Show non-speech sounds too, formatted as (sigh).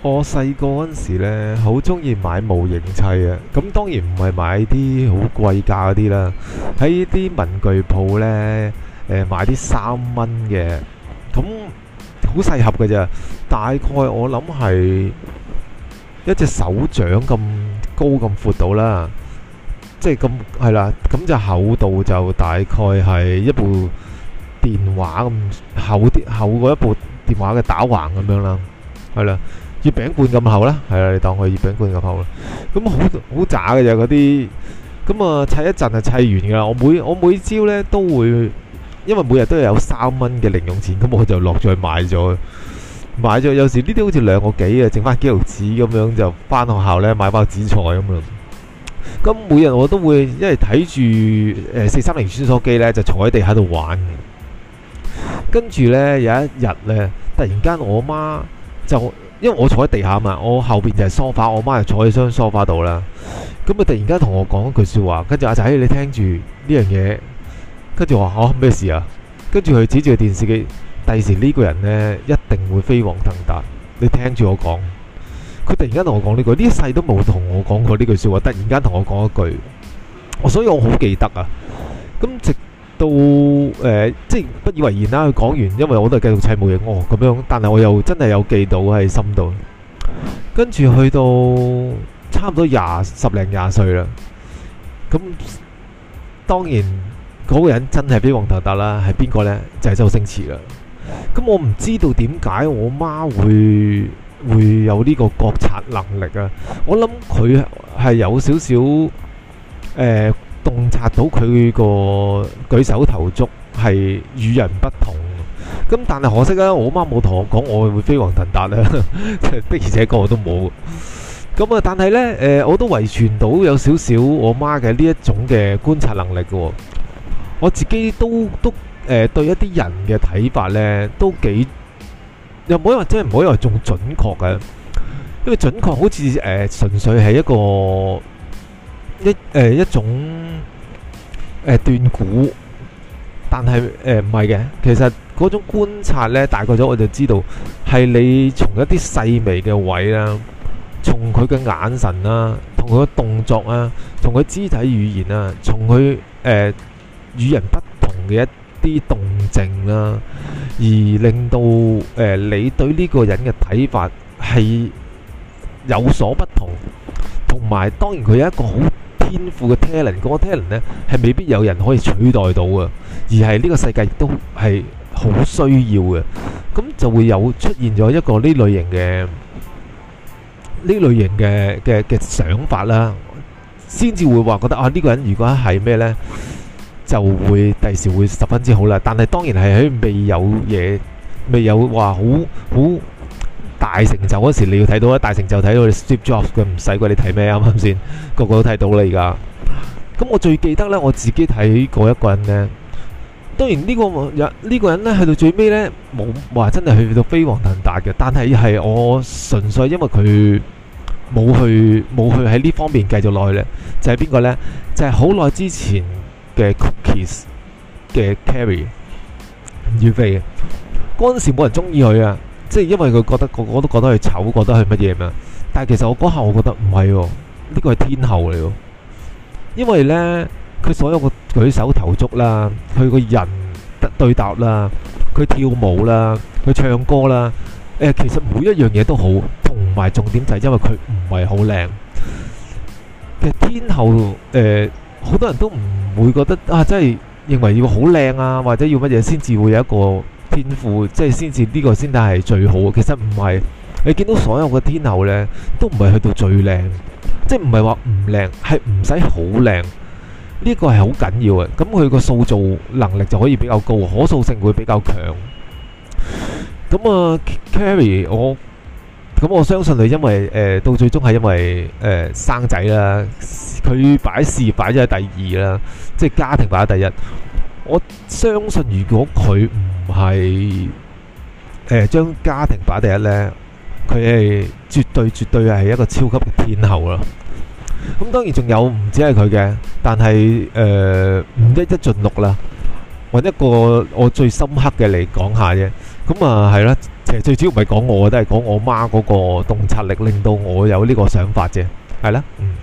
我細個嗰陣時咧，好中意買模型砌啊。咁當然唔係買啲好貴價嗰啲啦，喺啲文具鋪咧，誒，買啲三蚊嘅，咁好細盒嘅啫。大概我諗係一隻手掌咁高咁闊度啦，即係咁係啦。咁就厚度就大概係一部電話咁厚啲，厚過一部電話嘅打橫咁樣啦，係啦。月餅罐咁厚啦，係啦，你當佢月餅罐咁厚啦。咁好好渣嘅就嗰啲咁啊，砌一陣就砌完㗎啦。我每我每朝咧都會，因為每日都有三蚊嘅零用錢，咁我就落咗去買咗買咗。有時呢啲好似兩個幾啊，剩翻幾毫紙咁樣就翻學校咧，買包紫菜咁樣。咁每日我都會，因為睇住誒四三零穿梭機咧，就坐喺地下度玩。跟住咧有一日咧，突然間我媽就～因為我坐喺地下嘛，我後邊就係梳化，我媽就坐喺張梳化度啦。咁佢突然間同我講一句說話，跟住阿仔，你聽住呢樣嘢，跟住話，哦咩事啊？跟住佢指住電視機，第時呢個人呢，一定會飛黃騰達。你聽住我講。佢突然間同我講呢句，呢一世都冇同我講過呢句說話，突然間同我講一句，我所以我好記得啊。咁直。都誒、呃，即係不以為然啦。佢講完，因為我都係繼續砌模型哦。咁樣，但係我又真係有記到喺心度。跟住去到差唔多廿十零廿歲啦，咁當然嗰個人真係俾黃頭達啦，係邊個呢？就係、是、周星馳啦。咁我唔知道點解我媽會會有呢個覺察能力啊？我諗佢係有少少察到佢個舉手投足係與人不同，咁但係可惜啊，我媽冇同我講我會飛黃騰達啊， (laughs) 的而且確我都冇。咁啊，但係咧，誒，我都遺傳到有少少我媽嘅呢一種嘅觀察能力喎、哦。我自己都都誒、呃、對一啲人嘅睇法咧都幾又唔可以話真，唔可以話仲準確嘅，因為準確好似誒純粹係一個一誒、呃、一種。誒斷估，但係誒唔係嘅。其實嗰種觀察呢，大個咗我就知道，係你從一啲細微嘅位啦，從佢嘅眼神啦、啊，同佢嘅動作啊，同佢肢體語言啊，從佢誒、呃、與人不同嘅一啲動靜啦、啊，而令到誒、呃、你對呢個人嘅睇法係有所不同。同埋當然佢有一個好天賦嘅 talent，嗰個 talent 呢係未必有人可以取代到嘅，而係呢個世界亦都係好需要嘅，咁就會有出現咗一個呢類型嘅呢類型嘅嘅嘅想法啦，先至會話覺得啊，呢個人如果係咩呢，就會第時會十分之好啦。但係當然係喺未有嘢，未有話好好。大成就嗰時你要睇到，大成就睇到你 Steve Jobs 嘅，唔使鬼你睇咩啱啱先，個個都睇到啦而家。咁我最記得咧，我自己睇過一個人咧。當然呢、這個這個人呢個人咧，去到最尾咧，冇話真係去到飛黃騰達嘅。但係係我純粹因為佢冇去冇去喺呢方面繼續落去咧，就係邊個咧？就係好耐之前嘅 cookies 嘅 carry 岳飛嘅。嗰陣時冇人中意佢啊！即係因為佢覺得，個個都覺得佢醜，覺得佢乜嘢咩？但係其實我嗰下我覺得唔係喎，呢個係天后嚟喎。因為呢，佢所有個舉手投足啦，佢個人得對答啦，佢跳舞啦，佢唱歌啦，誒，其實每一樣嘢都好。同埋重點就係因為佢唔係好靚。其實天后誒，好多人都唔會覺得啊，即係認為要好靚啊，或者要乜嘢先至會有一個。天賦即係先至呢個先至係最好，其實唔係你見到所有嘅天后咧，都唔係去到最靚，即係唔係話唔靚，係唔使好靚，呢個係好緊要嘅。咁佢個塑造能力就可以比較高，可塑性會比較強。咁啊，Carrie，我咁我相信佢，因為誒到最終係因為誒生仔啦，佢擺事擺咗喺第二啦，即係家庭擺喺第一。我相信如果佢唔係誒將家庭擺第一呢，佢係絕對絕對係一個超級嘅天后啦。咁當然仲有唔止係佢嘅，但係誒唔一一盡錄啦，搵一個我最深刻嘅嚟講下啫。咁啊係啦，其實最主要唔係講我，都係講我媽嗰個洞察力令到我有呢個想法啫。係啦，嗯。